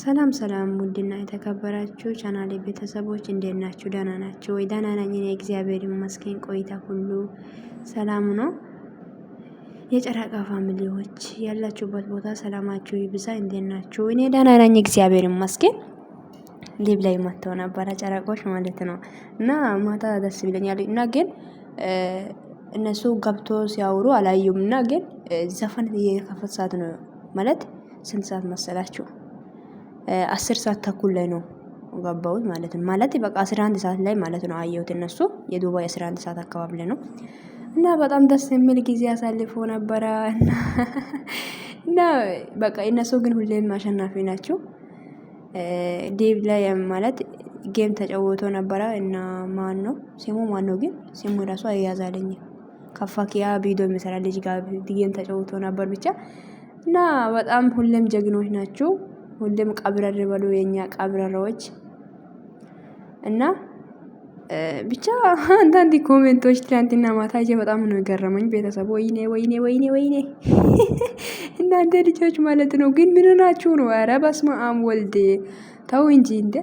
ሰላም ሰላም ውድና የተከበራችሁ ቻናሌ ቤተሰቦች እንዴት ናችሁ? ደህና ናችሁ ወይ? ደህና ነኝ እኔ እግዚአብሔር ይመስገን። ቆይታ ሁሉ ሰላም ነው። የጨረቃ ፋሚሊዎች ያላችሁበት ቦታ ሰላማችሁ ይብዛ። እንዴት ናችሁ? እኔ ደህና ነኝ እግዚአብሔር ይመስገን። ሊብ ላይ መጥተው ነበረ ጨረቆች ማለት ነው እና ማታ ደስ ብለኛል እና ግን እነሱ ገብቶ ሲያወሩ አላዩም እና ግን ዘፈን የከፈት ሰዓት ነው ማለት ስንት ሰዓት መሰላችሁ? አስር ሰዓት ተኩል ላይ ነው ገባሁት ማለት ነው። ማለት በቃ አስራ አንድ ሰዓት ላይ ማለት ነው አየሁት። እነሱ የዱባይ አስራ አንድ ሰዓት አካባቢ ላይ ነው እና በጣም ደስ የሚል ጊዜ አሳልፎ ነበረ እና በቃ እነሱ ግን ሁሌም አሸናፊ ናቸው። ዴብ ላይ ማለት ጌም ተጫወቶ ነበረ እና ማን ነው ስሙ ማን ነው ግን ስሙ ራሱ አያዛለኝ ከፋኪያ ቪዲዮ የሚሰራ ልጅ ጋር ጌም ተጫውቶ ነበር ብቻ እና በጣም ሁሌም ጀግኖች ናቸው። ሁሌም ቀብረር በሉ የኛ ቀብረሮች እና ብቻ አንዳንድ ኮሜንቶች ትናንትና ማታ ይዤ በጣም ነው የገረመኝ። ቤተሰብ ወይኔ ወይኔ ወይኔ ወይኔ እናንተ ልጆች ማለት ነው ግን ምን ናችሁ ነው? ኧረ በስመ አብ ወልድ ተው እንጂ እንደ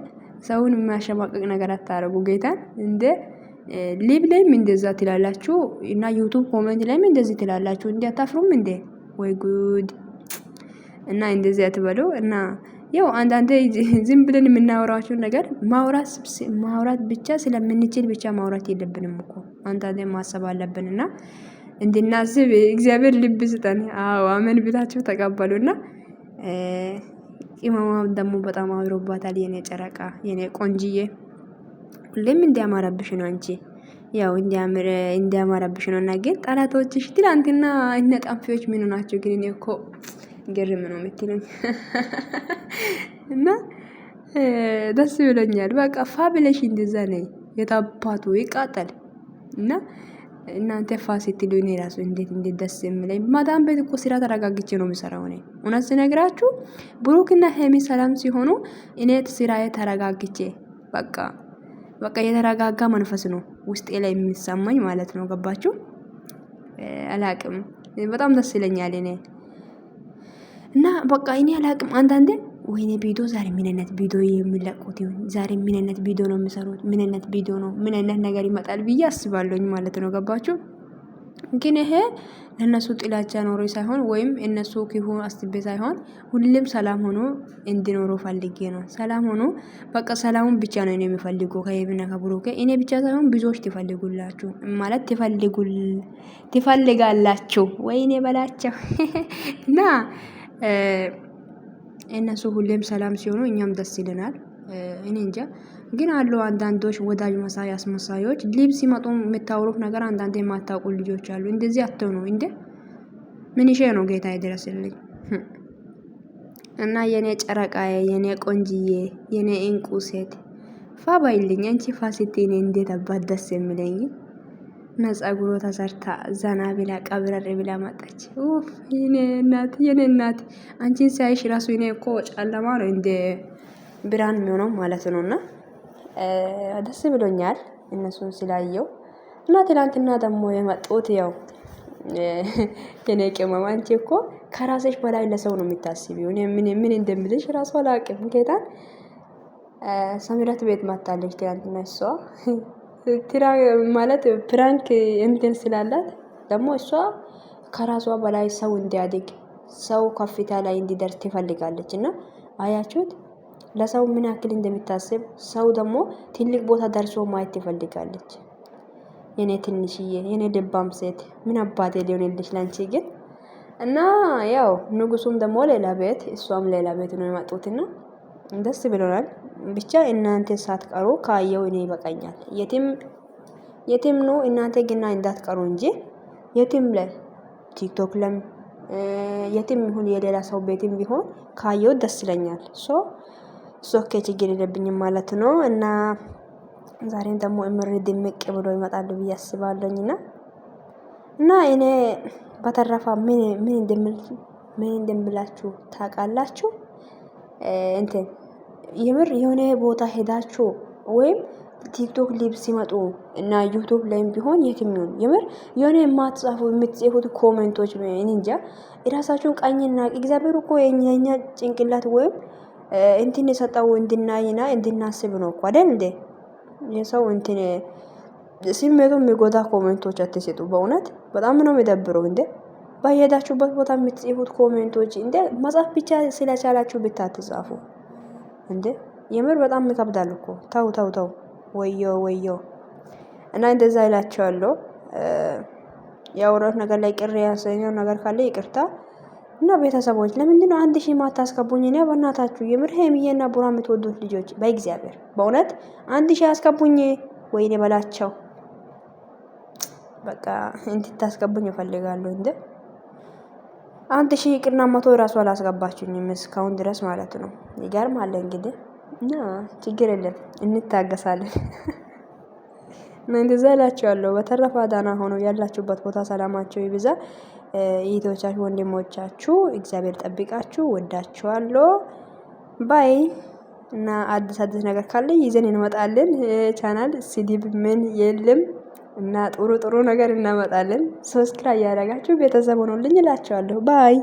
ሰውን የሚያሸማቀቅ ነገር አታረጉ። ጌታን እንደ ሊብ ላይም እንደዛ ትላላችሁ እና ዩቱብ ኮሜንት ላይም እንደዚህ ትላላችሁ። እንዲ አታፍሩም እንዴ? ወይ ጉድ እና እንደዚህ አትበሉ እና ያው አንዳንዴ ዝም ብለን የምናወራቸውን ነገር ማውራት ማውራት ብቻ ስለምንችል ብቻ ማውራት የለብንም እኮ አንዳንዴ ማሰብ አለብን እና እንድናስብ እግዚአብሔር ልብ ስጠን። አዎ አመን ብላችሁ ተቀበሉና ቅመማም ደግሞ በጣም አምሮባታል። የኔ ጨረቃ የኔ ቆንጅዬ ሁሌም እንዲያማረብሽ ነው አንቺ ያው እንዲያምር እንዲያማረብሽ ነው እና ግን ጠላቶችሽ ትላንትና እነ ጣንፊዎች ምን ናቸው ግን እኔ እኮ ግርም ነው የምትለኝ እና ደስ ይለኛል። በቃ ፋብለሽ እንደዛ ነ የታባቱ ይቃጠል እና እናንተ ፋስ ስትሉ እኔ ራሱ እንዴት እንዴት ደስ የምለኝ ማዳም ቤት እኮ ስራ ተረጋግቼ ነው የምሰራው። እኔ እውነት ስነግራችሁ ብሩክና ሄሚ ሰላም ሲሆኑ እኔ ስራዬ የተረጋግቼ በቃ በቃ የተረጋጋ መንፈስ ነው ውስጤ ላይ የሚሰማኝ ማለት ነው። ገባችሁ? አላቅም በጣም ደስ ይለኛል እኔ እና በቃ እኔ አላቅም። አንዳንዴ ወይኔ ቪዲዮ ዛሬ ምን አይነት ቪዲዮ የሚለቁት ይሁን፣ ዛሬ ምን አይነት ቪዲዮ ነው የሚሰሩት፣ ምን አይነት ቪዲዮ ነው፣ ምን አይነት ነገር ይመጣል ብዬ አስባለሁኝ ማለት ነው። ገባችሁ? ግን ይሄ ለእነሱ ጥላቻ ኖሮ ሳይሆን ወይም እነሱ ክፉ አስቤ ሳይሆን ሁሌም ሰላም ሆኖ እንዲኖሩ ፈልጌ ነው። ሰላም ሆኖ በቃ ሰላሙን ብቻ ነው እኔ የሚፈልጉ ከየብና ከብሩኬ እኔ ብቻ ሳይሆን ብዙዎች ትፈልጉላችሁ ማለት ትፈልጉል ትፈልጋላችሁ ወይኔ በላቸው እና እነሱ ሁሌም ሰላም ሲሆኑ እኛም ደስ ይለናል። እኔ እንጃ ግን አሉ አንዳንዶች ወዳጅ መሳይ አስመሳዮች ሊብ ሲመጡ የምታወሩት ነገር አንዳንዴ የማታውቁ ልጆች አሉ። እንደዚህ አትሆኑ እንደ ምን ይሼ ነው ጌታ ይድረስልኝ። እና የኔ ጨረቃዬ፣ የኔ ቆንጅዬ፣ የኔ እንቁ ሴት ፋባይልኝ አንቺ ፋ እንዴት አባት ደስ የሚለኝ ነፀጉሮ ተሰርታ ዘና ብላ ቀብረር ብላ መጣች። ኡፍ የኔ እናት የኔ እናት አንቺን ሲያይሽ ራሱ ኔ እኮ ጨለማ ነው እንደ ብርሃን የሚሆነው ማለት ነው። እና ደስ ብሎኛል እነሱን ስላየው እና ትላንትና ደግሞ የመጡት ያው የኔ ቅመም አንቺ እኮ ከራስሽ በላይ ለሰው ነው የምታስቢው። ምን ምን እንደምልሽ ራሱ አላቅም። ጌታን ሰሚረት ቤት ማታለች ትላንትና እሷ ትራ ማለት ፕራንክ እንትን ስላላት ደግሞ እሷ ከራሷ በላይ ሰው እንዲያድግ ሰው ከፍታ ላይ እንዲደርስ ትፈልጋለች። እና አያችሁት ለሰው ምን ያክል እንደሚታስብ ሰው ደግሞ ትልቅ ቦታ ደርሶ ማየት ትፈልጋለች። የኔ ትንሽዬ የኔ ደባም ሴት ምን አባቴ ሊሆንልሽ ለንቺ ግን እና ያው ንጉሱም ደግሞ ሌላ ቤት እሷም ሌላ ቤት ነው የመጡትና ደስ ብሎናል። ብቻ እናንተ ሳትቀሩ ካየው እኔ ይበቃኛል። የትም የትም ነው እናንተ ግና እንዳትቀሩ እንጂ የትም ላይ ቲክቶክ ለም የትም ይሁን የሌላ ሰው ቤትም ቢሆን ካየው ደስ ይለኛል። ሶ ሶኬ ችግር የለብኝም ማለት ነው እና ዛሬም ደግሞ እምር ድምቅ ብሎ ይመጣሉ ብዬ አስባለኝ እና እና እኔ በተረፋ ምን ምን እንደምላችሁ ታውቃላችሁ። እንትን የምር የሆነ ቦታ ሄዳችሁ ወይም ቲክቶክ ሊብ ሲመጡ እና ዩቱብ ላይም ቢሆን የትም ይሁን የምር የሆነ የማትጻፉ የምትጽፉት ኮሜንቶች እንጃ የራሳችሁን ቀኝና እግዚአብሔር እኮ የኛ ጭንቅላት ወይም እንትን የሰጠው እንድናይና እንድናስብ ነው እኮ አይደል እንዴ? የሰው እንትን ስሜቱ የሚጎዳ ኮሜንቶች አትሰጡ። በእውነት በጣም ነው የሚደብረው እንዴ! በየሄዳችሁበት ቦታ የምትጽፉት ኮሜንቶች እንደ መጻፍ ብቻ ስለቻላችሁ ብታትጻፉ እንዴ! የምር በጣም ይከብዳል እኮ ተው ተው ተው፣ ወዮ ወዮ። እና እንደዛ ይላቸዋለሁ። ያወራሁት ነገር ላይ ቅር ያሰኘው ነገር ካለ ይቅርታ። እና ቤተሰቦች ለምንድን ነው አንድ ሺህ ማታስገቡኝ? እኔ በእናታችሁ የምር ሀይሚዬና ቡራ የምትወዱት ልጆች በእግዚአብሔር በእውነት አንድ ሺህ አስገቡኝ። ወይኔ በላቸው በቃ እንድታስገቡኝ እፈልጋለሁ እንዴ አንድ ሺህ ይቅርና መቶ ራሱ አላስገባችሁኝም እስካሁን ድረስ ማለት ነው። ይገርማል እንግዲህ እና ችግር የለም እንታገሳለን። እንደዛ እላችኋለሁ። በተረፈ ዳና ሆኖ ያላችሁበት ቦታ ሰላማቸው ይብዛ። እህቶቻችሁ፣ ወንድሞቻችሁ እግዚአብሔር ጠብቃችሁ። ወዳችኋለሁ ባይ እና አዲስ አዲስ ነገር ካለ ይዘን እንመጣለን። ቻናል ስድብ ምን የለም። እና ጥሩ ጥሩ ነገር እናመጣለን። ሰብስክራይብ እያደረጋችሁ ቤተሰብ ሆኖልኝ እላቸዋለሁ። ባይ